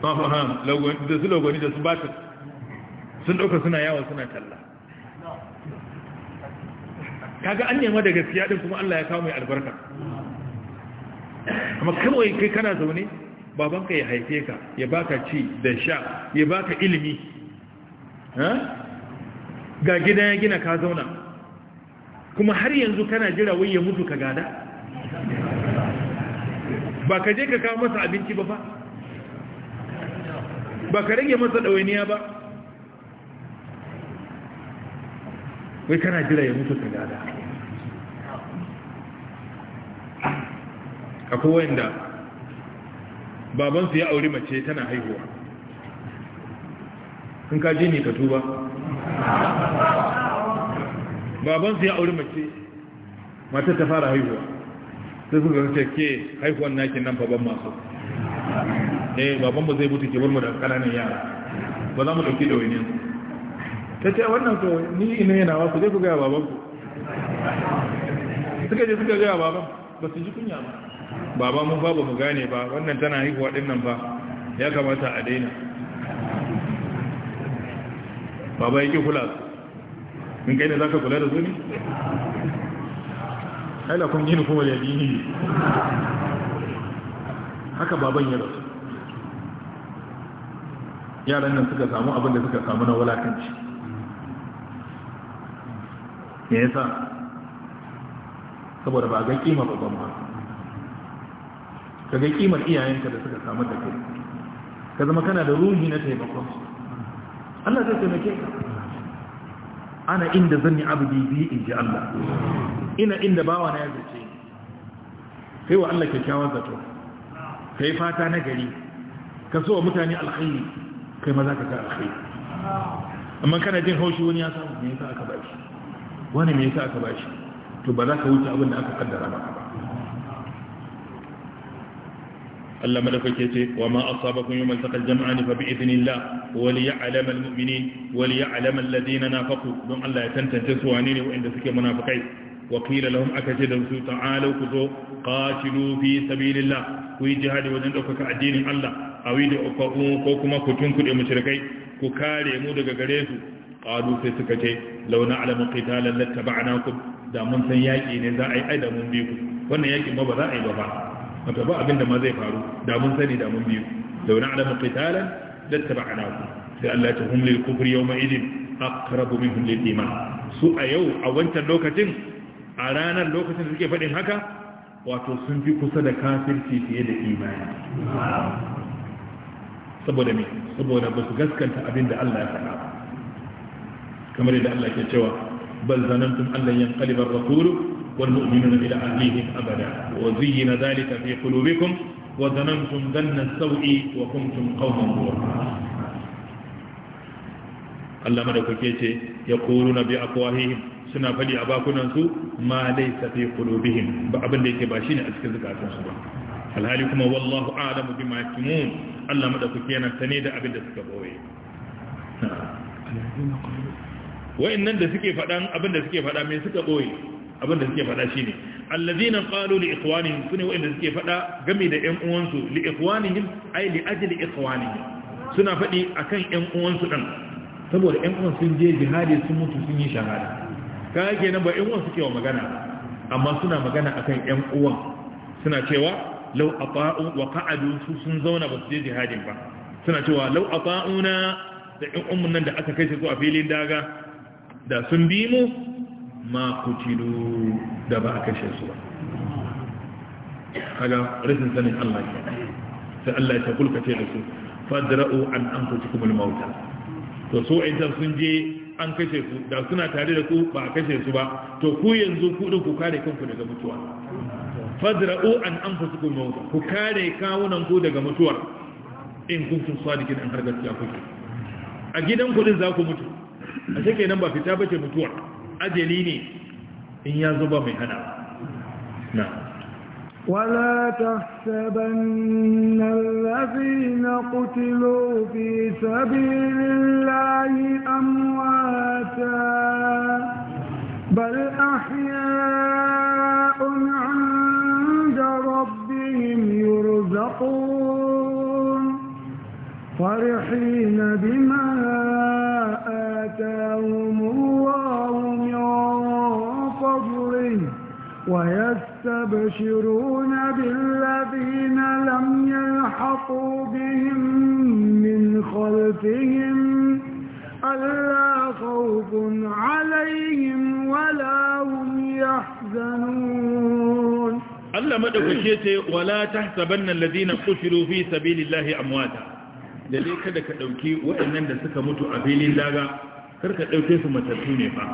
da su ne da su batin sun ɗauka suna yawa suna talla kaga an nema da gaskiya ɗin kuma Allah ya kawo mai albarka amma kawai kai kana zaune babanka ya haife ka ya baka ci da sha ya baka ilimi ga gidan ya gina ka zauna kuma har yanzu kana jira wai ya mutu ka gada ba ka je ka kawo masa abinci ba ba ba ka rage masa ɗawainiya ba wai kana jira ya mutu tagada akwai wanda babansu ya auri mace tana haihuwa in ka je ne ka tuba babansu ya auri mace matar ta fara haihuwa sai suka ce ke haifuwan naki nan fa ban masu eh baban ba zai mutu ke bar mu da kananan yara ba za mu dauki da wani ta ce wannan to ni ina yana wasu zai ku gaya baban ku suka je suka gaya baban ba su ji kunya ba baba mun ba mu gane ba wannan tana haihuwa din nan ba ya kamata a daina baba yake kula in kai ne za ka kula da su ne Haila halakun yin kuma da ne. haka baban ya rasu yaran nan suka samu abin da suka samu na wulakanci me sa? saboda ba ga kima babban ba ka ga kimar iyayenka da suka samu da kai ka zama kana da ruhi na taimakon Allah zai taimake ka ana inda zan yi abu bibi in ji Allah ina inda bawa na ya zace ni kai wa Allah kyakkyawar zato kai fata na gari ka so wa mutane alkhairi kai ma za ka ga alkhairi amma kana jin haushi wani ya samu me yasa aka bashi wani me yasa aka bashi to ba za ka wuce abin da aka kaddara maka ba Allah madaukake ce wa ma asabakum yawmal taqal jam'an fa bi idhnillah wa li ya'lam al mu'minin wa li ya'lam alladhina nafaqu don Allah ya tantance su wane ne waɗanda suke munafikai wakila lahum aka ce da su ta'alau ku zo qatilu fi kuyi jihadi wajen ɗaukaka addinin Allah A da ukau ko kuma ku tunkude mushrikai ku kare mu daga gare su qalu sai suka ce law na'lamu qitalan lattaba'nakum da mun san yaki ne za a yi aida mun bi ku wannan yaki ma ba za a yi ba fa wato ba abin ma zai faru da mun sani da mun bi ku law na'lamu qitalan lattaba'nakum sai Allah ta humlil kufri yawma idin aqrabu minhum lil iman su a yau a wancan lokacin a ranar lokacin da suke faɗin haka wato sun fi kusa da kafirci fiye da imani saboda me saboda ba su gaskanta abin da Allah ya faɗa kamar yadda Allah ke cewa bal zanantum an lan yanqaliba ar-rasul wal mu'minuna ila ahlihim abada wa zayyana dhalika fi qulubikum wa zanantum dhanna as-sawi wa kuntum qawman Allah madaukake ce ya yaquluna bi afwahihim suna faɗi a bakunansu ma laysa fi qulubihim ba abin da yake ba shi ne a cikin zukatansu ba alhali kuma wallahu a'lamu bima yaktumun Allah madaukake yana sane da abin da suka boye wa'annan da suke faɗan abin da suke faɗa me suka boye abin da suke faɗa shine allazina qalu li ikhwanihim sune wa'anda suke faɗa game da ƴan uwansu li ikhwanihim ay li ajli ikhwanihim suna faɗi akan ƴan uwansu din saboda ƴan uwan sun je jihadi sun mutu sun yi shahada kaga kenan ba ƴan uwan suke wa magana amma suna magana akan ƴan uwan suna cewa lau ata'u wa qa'adu su sun zauna ba su je jihadin ba suna cewa law ata'una da ƴan ummun nan da aka kai su a filin daga da sun bi mu ma kutilu da ba a kashe su ba kaga rashin sanin Allah ke sai Allah ya kulkace ce da su fadra'u an anfusikum al-mauta to so idan sun je an kashe su da suna tare da ku ba a kashe su ba to ku yanzu ku ku kare kanku daga mutuwa fadra'u an anfusukum mauta ku kare kawunan ku daga mutuwar in kuntum sadiqin an har gaskiya kuke a gidan ku din za ku mutu a shake nan ba fita bace mutuwa ajali ne in ya zo ba mai hana na ولا تحسبن الذين قتلوا في سبيل الله أموات بل أحياء عند ربهم يرزقون فرحين بما آتاهم الله من فضله ويستبشرون بالذين لم يلحقوا بهم من خلفهم ألا خوف عليهم ولا هم يحزنون Allah madaukake ce wala tahsabanna alladhina qutilu fi sabilillahi amwata dai kada ka ɗauki waɗannan da suka mutu a filin daga karka ɗauke su matattu fa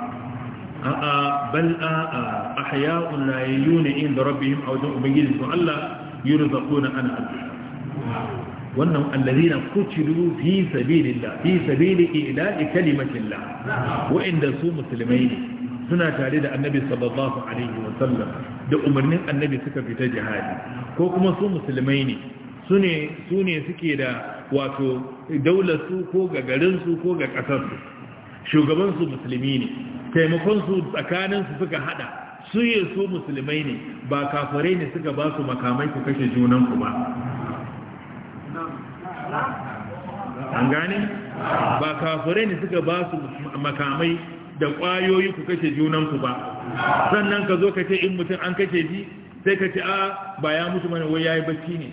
a a bal a a ahya'un la yayuna inda rabbihim aw ja'u bi Allah yurzaquna ana abdu wannan allazina kuciru fi sabilillah fi sabili ila'i kalimatillah wa'inda su musulmai ne suna tare da annabi sallallahu alaihi wa sallam da umarnin annabi suka fita jihadi ko kuma su musulmai ne sune sune suke da wato daular su ko ga garin su ko ga kasar su shugaban su musulmi ne taimakon su tsakanin su suka hada su yi su musulmai ne ba kafirai ne suka ba su makamai ku kashe junanku ba an gane ba kafirai ne suka ba su makamai da ƙwayoyi ku kashe junanku ba sannan ka zo ka ce in mutum an kashe ji sai ka ce a ba ya mutu mana wai ya yi bacci ne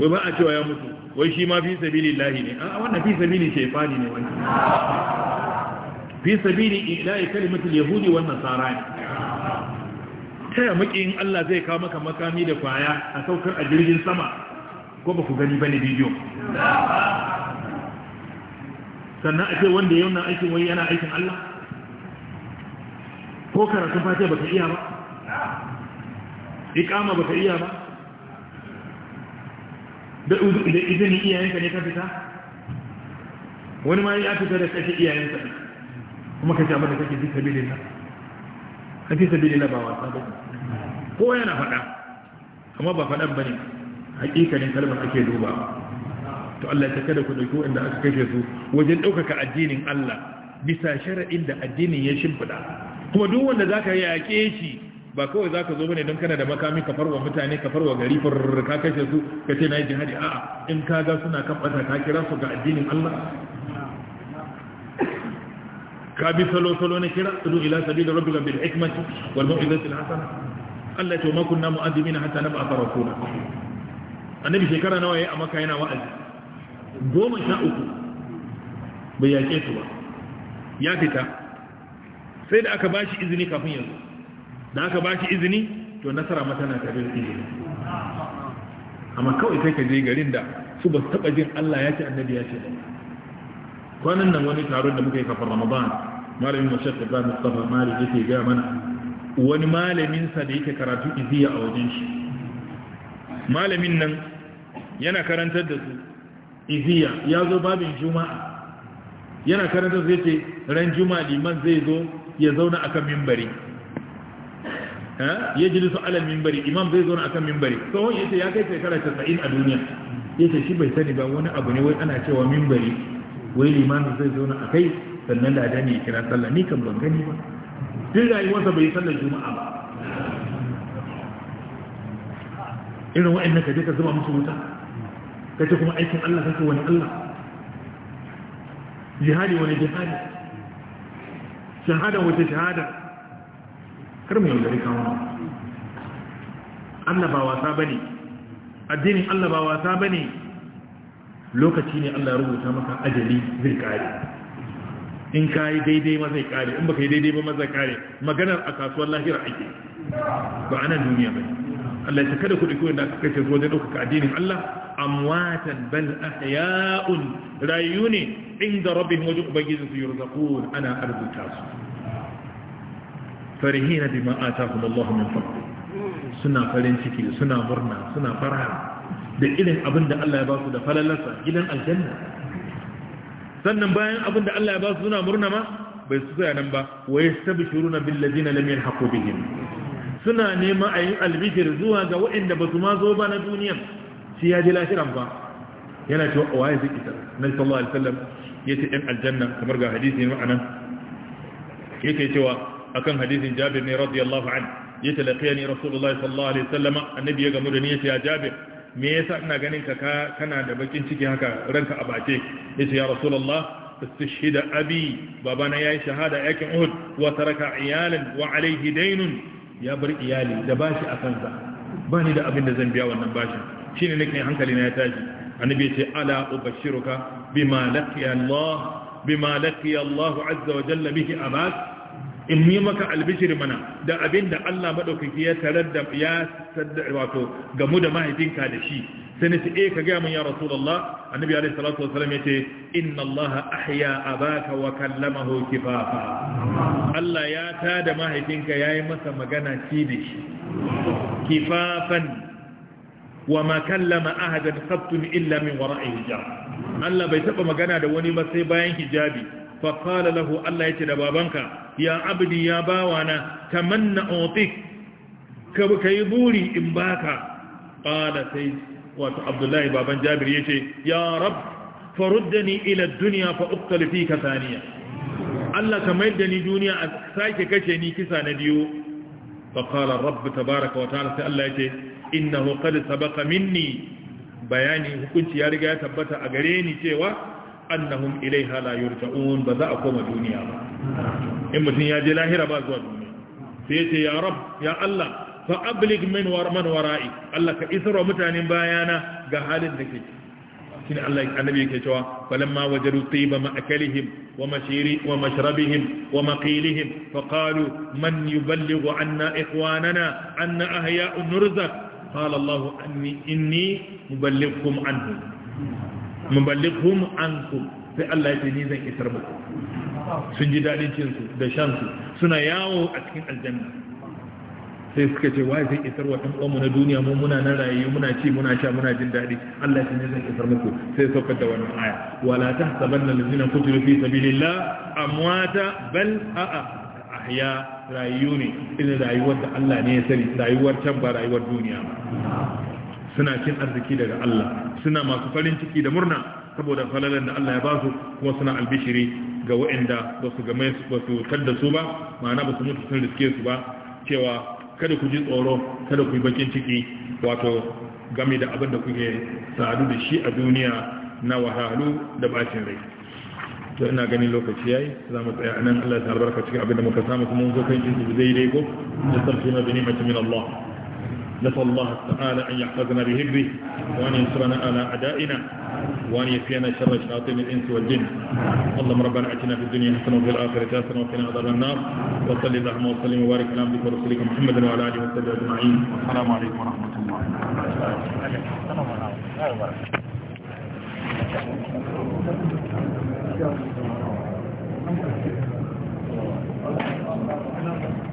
wai ba a cewa ya mutu wai shi ma fi sabili lahi ne a wannan fi sabili shefani ne wani fi sabili ilahi kalimatul yahudi wannan nasara ne taya makiyin Allah zai kawo maka makami da kwaya a saukar a jirgin sama ko ba ku gani ba ne bidiyo sannan a ce wanda yau na aikin wai yana aikin Allah ko karatun Fatiya ba ka iya ba ikama ba ka iya ba da izinin iyayenka ne ka fita wani ma ya fita da kashe iyayenka kuma ka jama da kake fi sabilin nan a fi sabilin ba wasa ba ko yana faɗa amma ba faɗan ba ne hakikalin kalmar ake duba to Allah ta kada ku dauki wanda aka kashe su wajen daukaka addinin Allah bisa shar'in da addinin ya shimfida kuma duk wanda zaka yaƙe shi ba kawai zaka zo bane don kana da makami ka farwa mutane ka farwa gari far ka kashe su ka ce na yi jihadi a'a in kaga suna kan bata ka kira su ga addinin Allah ka bi salo salo na kira idu ila sabila rabbika bil hikmati wal mau'izati al hasana Allah ya ce ma kunna mu'adibina hatta nab'a rasula annabi shekara nawa ya a Makka yana wa'azi goma sha uku bai yake su ba ya fita sai da aka bashi izini kafin yanzu da aka bashi izini to nasara mata na tare da izini amma kawai sai ka je garin da su ba su taɓa jin Allah ya ce annabi ya ce kwanan nan wani taron da muka yi kafin ramadan malamin mashar da ba mustafa malik yake ga mana wani malaminsa da yake karatu iziya a wajen shi malamin nan yana karantar da su iziya ya zo babin juma'a yana karantar zai ce ran juma'a liman zai zo ya zauna a kan mimbari ya ji su alal mimbari imam zai zauna a kan mimbari tsohon ya ce ya kai shekara casa'in a duniya ya ce shi bai sani ba wani abu ne wai ana cewa mimbari wai limamin zai zauna a kai sannan da ne ya kira sallah ni kan ban gani ba duk rayuwarsa bai sallar juma'a ba irin wa'in ka je ka zama musu wuta kace kuma aikin Allah kake wani Allah jihadi wani jihadi shahada wata shahada kar mu yaudare kawo Allah ba wasa bane addinin Allah ba wasa bane lokaci ne Allah rubuta maka ajali zai kare in ka yi daidai ma zai kare in baka yi daidai ba ma zai kare maganar a kasuwar lahira ake ba anan duniya bane Allah ya kada kuɗi dake wanda aka kace su wajen ɗaukaka addinin Allah amwatan bal ahya'un rayu ne inda rabbihim wajen ubangijin su yurzaqun ana arzuta su farihina bima atahum Allah min fadli suna farin ciki suna murna suna fara da irin abin da Allah ya ba su da falalarsa gidan aljanna sannan bayan abin da Allah ya ba su suna murna ma bai su tsaya nan ba wa yastabshiruna bil ladina lam yalhaqu bihim suna nema a yi albishir zuwa ga waɗanda ba su ma zo ba na duniyan shi ya ji lahiran ba yana cewa a waye zai isa na sallallahu alaihi wasallam ya ce ɗan aljanna kamar ga hadisi ne ma'anan yake cewa akan hadisin jabir ne radiyallahu an ya talaqiya ni rasulullahi sallallahu alaihi wasallama annabi ya gamu da ni ya ce ya jabir me yasa ina ganin ka kana da bakin ciki haka ranka a bace ya ce ya rasulullah استشهد أبي بابانا يا شهادة أكن أهد وترك عيالا وعليه دين ya bar iyali da bashi a kansa ba ni da abin da zan biya wannan bashin shi ne nake hankali na ya tashi annabi ya ce ala ubashiruka bima laqiya Allah bima laqiya Allah azza wa jalla bihi abak in yi maka albishir mana da abin da Allah madaukaki ya tarar da ya wato gamu da mahaifinka da shi sai na ce eh, ka gaya min ya rasulullah annabi alaihi salatu wasallam yace inna allaha ahya abaka wa kallamahu kifafa Allah ya tada mahaifinka yayi masa magana ci da shi kifafan wa ma kallama ahadan qattun illa min wara'i hijab Allah bai taba magana da wani ba sai bayan hijabi fa lahu Allah yace da babanka ya abdi ya bawana tamanna otik ka yi buri in baka qala sai wato abdullahi baban jabir ya ce ya rab faruddani ila duniya fa uktal fi saniya. Allah ka mayar da ni duniya a sake kashe ni kisa na biyu fa qala rabb tabaaraka wa ta'ala sai Allah ya ce innahu qad sabaqa minni bayani hukunci ya riga ya tabbata a gare ni cewa annahum ilaiha la yurja'un ba za a koma duniya ba in mutum ya je lahira ba zuwa duniya sai ya ce ya rab ya Allah fa ablig min war man wara'i Allah ka isra mutanen bayana ga halin da kake shine Allah annabi yake cewa falamma wajadu tiba ma'akalihim wa mashiri wa mashrabihim wa maqilihim fa qalu man yuballighu anna ikhwanana anna ahya'un nurzaq qala Allah anni inni muballighukum anhum muballighukum ankum sai Allah ya ce zan isar muku sun ji dadin cin su da shan su suna yawo a cikin aljanna sai suka ce wai zai isar wa ɗan na duniya mu muna nan rayu muna ci muna sha muna jin daɗi Allah shi ne zai isar muku sai saukar da wannan aya wala tahsabanna allazina qutilu fi sabilillah amwata bal a'a ahya rayu ne irin rayuwar da Allah ne ya sani rayuwar can ba rayuwar duniya ba suna cin arziki daga Allah suna masu farin ciki da murna saboda falalan da Allah ya ba su kuma suna albishiri ga waɗanda ba su game ba su kadda su ba ma'ana ba su mutu sun riske su ba cewa kada ku ji tsoro kada ku yi bakin ciki wato game da abin da kuke sadu da shi a duniya na wahalu da bacin rai to ina ganin lokaci yayi za mu tsaya anan. Allah ya albarka cikin abin da muka samu kuma mun zo kan zai daidai ko da sarfi na bi min Allah نسأل الله تعالى أن يحفظنا بهبه وأن ينصرنا على أعدائنا وأن يكفينا شر شياطين الإنس والجن اللهم ربنا آتنا في الدنيا حسنة وفي الآخرة حسنة وقنا عذاب النار وصلي اللهم وسلم وبارك على عبدك ورسولك محمد وعلى آله وصحبه أجمعين السلام عليكم ورحمة الله Thank